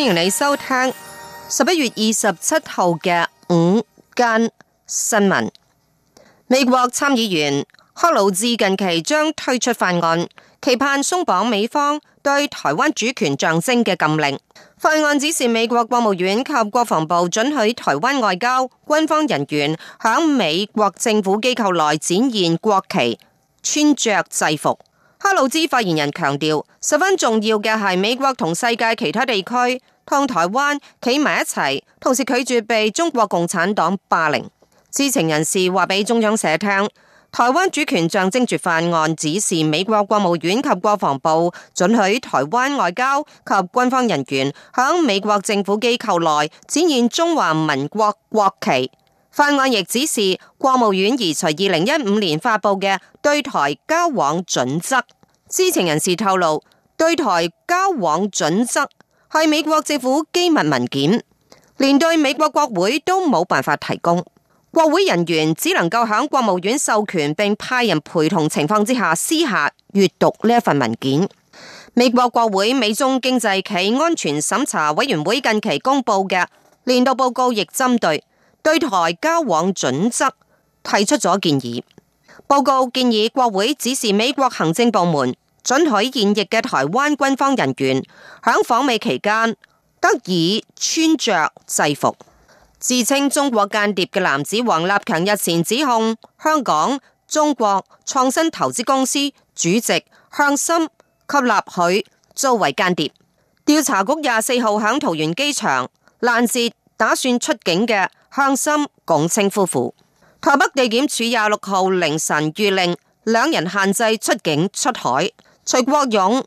歡迎你收聽十一月二十七號嘅午間新聞。美國參議員克魯茲近期將推出法案，期盼鬆綁美方對台灣主權象徵嘅禁令。法案指示美國國務院及國防部准許台灣外交軍方人員響美國政府機構內展現國旗、穿着制服。克魯茲發言人強調，十分重要嘅係美國同世界其他地區同台灣企埋一齊，同時拒絕被中國共產黨霸凌。知情人士話俾中央社聽，台灣主權象徵住法案，指示美國國務院及國防部准許台灣外交及軍方人員響美國政府機構內展現中華民國國旗。法案亦指示國務院移除二零一五年發布嘅對台交往準則。知情人士透露，對台交往準則係美國政府機密文件，連對美國國會都冇辦法提供。國會人員只能夠響國務院授權並派人陪同情況之下私下閱讀呢一份文件。美國國會美中經濟暨安全審查委員會近期公布嘅年度報告亦針對。對台交往準則提出咗建議。報告建議國會指示美國行政部門准許現役嘅台灣軍方人員響訪美期間得以穿着制服。自稱中國間諜嘅男子王立強日前指控香港中國創新投資公司主席向心吸納許作為間諜。調查局廿四號響桃園機場攔截打算出境嘅向心、龔青夫婦，台北地檢署廿六號凌晨諭令兩人限制出境出海。徐國勇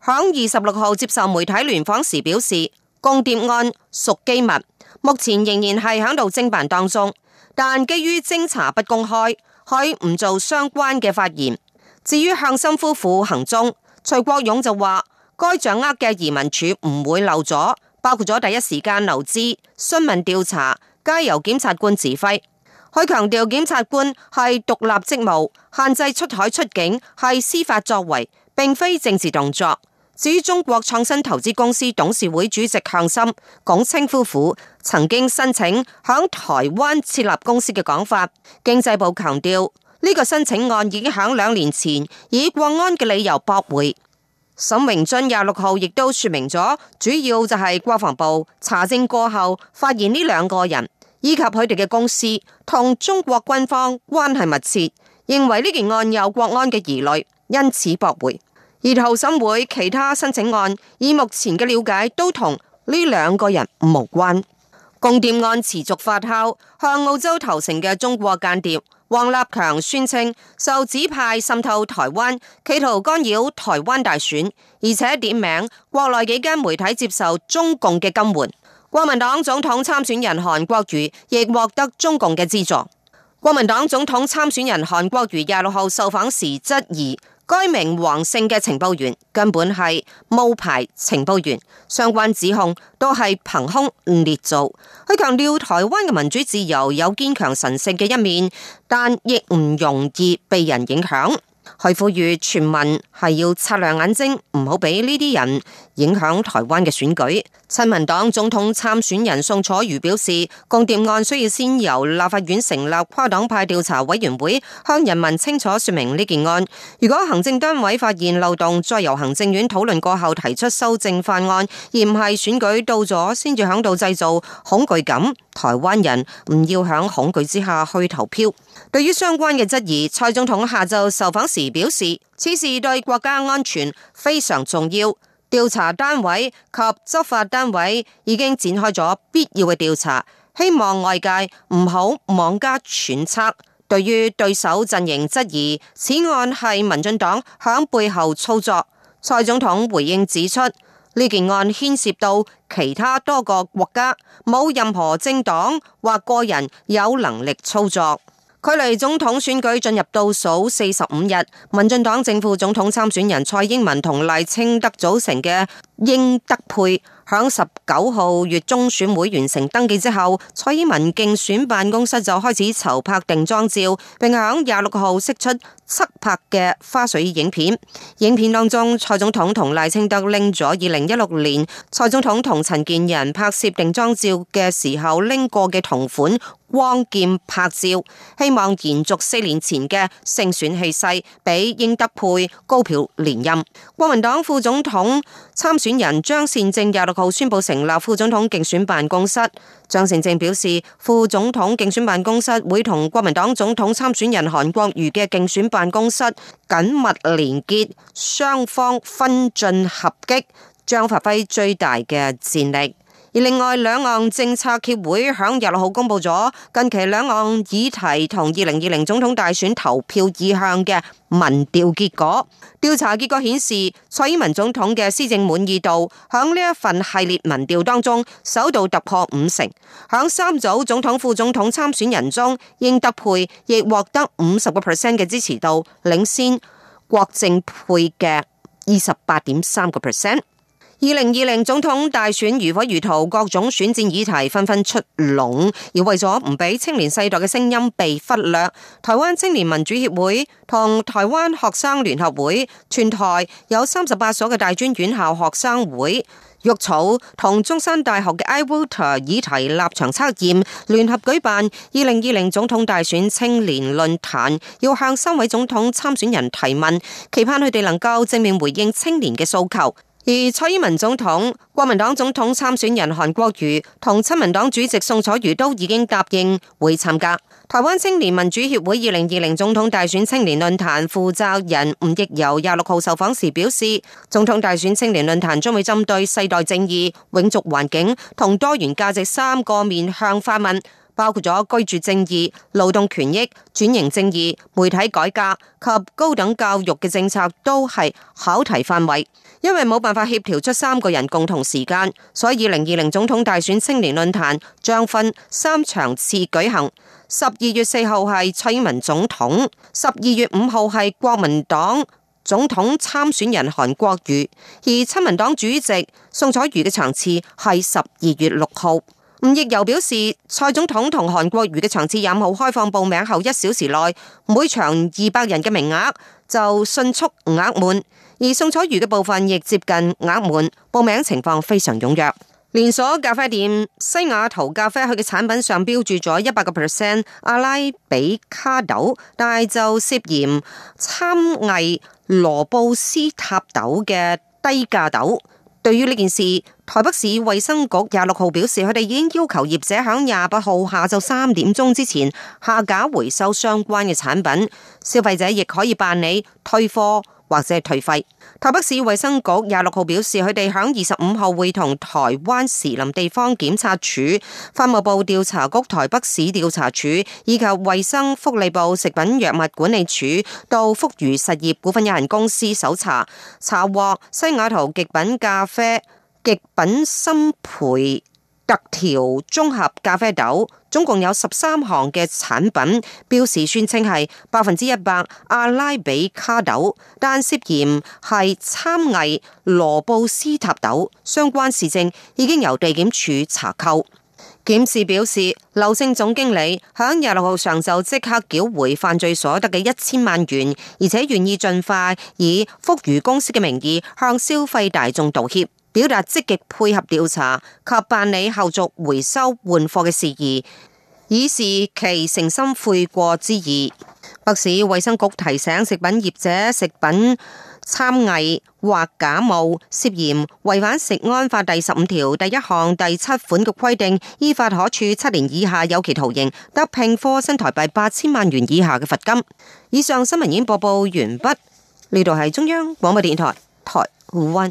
響二十六號接受媒體聯訪時表示，共諜案屬機密，目前仍然係響度偵辦當中，但基於偵查不公開，佢唔做相關嘅發言。至於向心夫婦行蹤，徐國勇就話，該掌握嘅移民署唔會漏咗。包括咗第一時間留資、詢問調查，皆由檢察官指揮。佢強調，檢察官係獨立職務，限制出海出境係司法作為，並非政治動作。至於中國創新投資公司董事會主席向心、龔青夫婦曾經申請響台灣設立公司嘅講法，經濟部強調呢個申請案已經響兩年前以國安嘅理由駁回。沈榮津廿六號亦都說明咗，主要就係國防部查證過後，發現呢兩個人以及佢哋嘅公司同中國軍方關係密切，認為呢件案有國安嘅疑慮，因此駁回。而後審會其他申請案，以目前嘅了解都同呢兩個人無關。共諜案持續發酵，向澳洲投誠嘅中國間諜。王立強宣稱受指派滲透台灣，企圖干擾台灣大選，而且點名國內幾間媒體接受中共嘅金援。國民黨總統參選人韓國瑜亦獲得中共嘅資助。國民黨總統參選人韓國瑜廿六號受訪時質疑。該名黃姓嘅情報員根本係冒牌情報員，相關指控都係憑空捏造。佢強調台灣嘅民主自由有堅強神聖嘅一面，但亦唔容易被人影響。去呼籲全民係要擦亮眼睛，唔好俾呢啲人影響台灣嘅選舉。親民黨總統參選人宋楚瑜表示，共諜案需要先由立法院成立跨黨派調查委員會，向人民清楚說明呢件案。如果行政單位發現漏洞，再由行政院討論過後提出修正法案，而唔係選舉到咗先至響度製造恐懼感。台灣人唔要響恐懼之下去投票。對於相關嘅質疑，蔡總統下晝受訪。時表示，此事對國家安全非常重要。調查單位及執法單位已經展開咗必要嘅調查，希望外界唔好妄加揣測。對於對手陣營質疑此案係民進黨響背後操作，蔡總統回應指出，呢件案牽涉到其他多個國家，冇任何政黨或個人有能力操作。距離總統選舉進入倒數四十五日，民進黨正副總統參選人蔡英文同賴清德組成嘅英德配，響十九號月中選會完成登記之後，蔡英文競選辦公室就開始籌拍定妝照，並喺廿六號釋出側拍嘅花絮影片。影片當中，蔡總統同賴清德拎咗二零一六年蔡總統同陳建仁拍攝定妝照嘅時候拎過嘅同款。汪劍拍照，希望延續四年前嘅勝選氣勢，俾英德配高票連任。國民黨副總統參選人張善政廿六號宣佈成立副總統競選辦公室。張善政表示，副總統競選辦公室會同國民黨總統參選人韓國瑜嘅競選辦公室緊密連結，雙方分進合擊，將發揮最大嘅戰力。而另外，兩岸政策協會喺廿六號公布咗近期兩岸議題同二零二零總統大選投票意向嘅民調結果。調查結果顯示，蔡英文總統嘅施政滿意度喺呢一份系列民調當中首度突破五成。喺三組總統、副總統參選人中，應德配亦獲得五十個 percent 嘅支持度，領先國政配嘅二十八點三個 percent。二零二零總統大選如火如荼，各種選戰議題紛紛出籠。而為咗唔俾青年世代嘅聲音被忽略，台灣青年民主協會同台灣學生聯合會全台有三十八所嘅大專院校學生會、育草同中山大學嘅 I Water 議題立場測驗聯合舉辦二零二零總統大選青年論壇，要向三位總統參選人提問，期盼佢哋能夠正面回應青年嘅訴求。而蔡英文總統、國民黨總統參選人韓國瑜同親民黨主席宋楚瑜都已經答應會參加。台灣青年民主協會二零二零總統大選青年論壇負責人吳奕由廿六號受訪時表示，總統大選青年論壇將會針對世代正義、永續環境同多元價值三個面向發問。包括咗居住正義、勞動權益、轉型正義、媒體改革及高等教育嘅政策都係考題範圍，因為冇辦法協調出三個人共同時間，所以二零二零總統大選青年論壇將分三場次舉行。十二月四號係蔡英文總統，十二月五號係國民黨總統參選人韓國瑜，而親民黨主席宋楚瑜嘅場次係十二月六號。吳亦游表示，蔡總統同韓國瑜嘅場次，任何開放報名後一小時內，每場二百人嘅名額就迅速額滿；而宋楚瑜嘅部分亦接近額滿，報名情況非常踊躍。連鎖咖啡店西雅圖咖啡佢嘅產品上標注咗一百個 percent 阿拉比卡豆，但係就涉嫌參藝羅布斯塔豆嘅低價豆。對於呢件事，台北市衛生局廿六號表示，佢哋已經要求業者喺廿八號下晝三點鐘之前下架回收相關嘅產品，消費者亦可以辦理退貨。或者係退費。台北市衛生局廿六號表示，佢哋響二十五號會同台灣時林地方檢察署、法務部調查局、台北市調查處以及衛生福利部食品藥物管理處到福如實業股份有限公司搜查，查獲西雅圖極品咖啡極品深焙。特調綜合咖啡豆，總共有十三項嘅產品標示宣稱係百分之一百阿拉比卡豆，但涉嫌係參偽羅布斯塔豆。相關事證已經由地檢署查扣。檢事表示，劉姓總經理響廿六號上晝即刻繳回犯罪所得嘅一千萬元，而且願意盡快以福馀公司嘅名義向消費大眾道歉。表達積極配合調查及辦理後續回收換貨嘅事宜，以示其誠心悔過之意。北市衛生局提醒食品業者，食品摻偽或假冒涉嫌違反食安法第十五條第一項第七款嘅規定，依法可處七年以下有期徒刑，得併科新台幣八千萬元以下嘅罰金。以上新聞已經播報完畢。呢度係中央廣播電台台灣。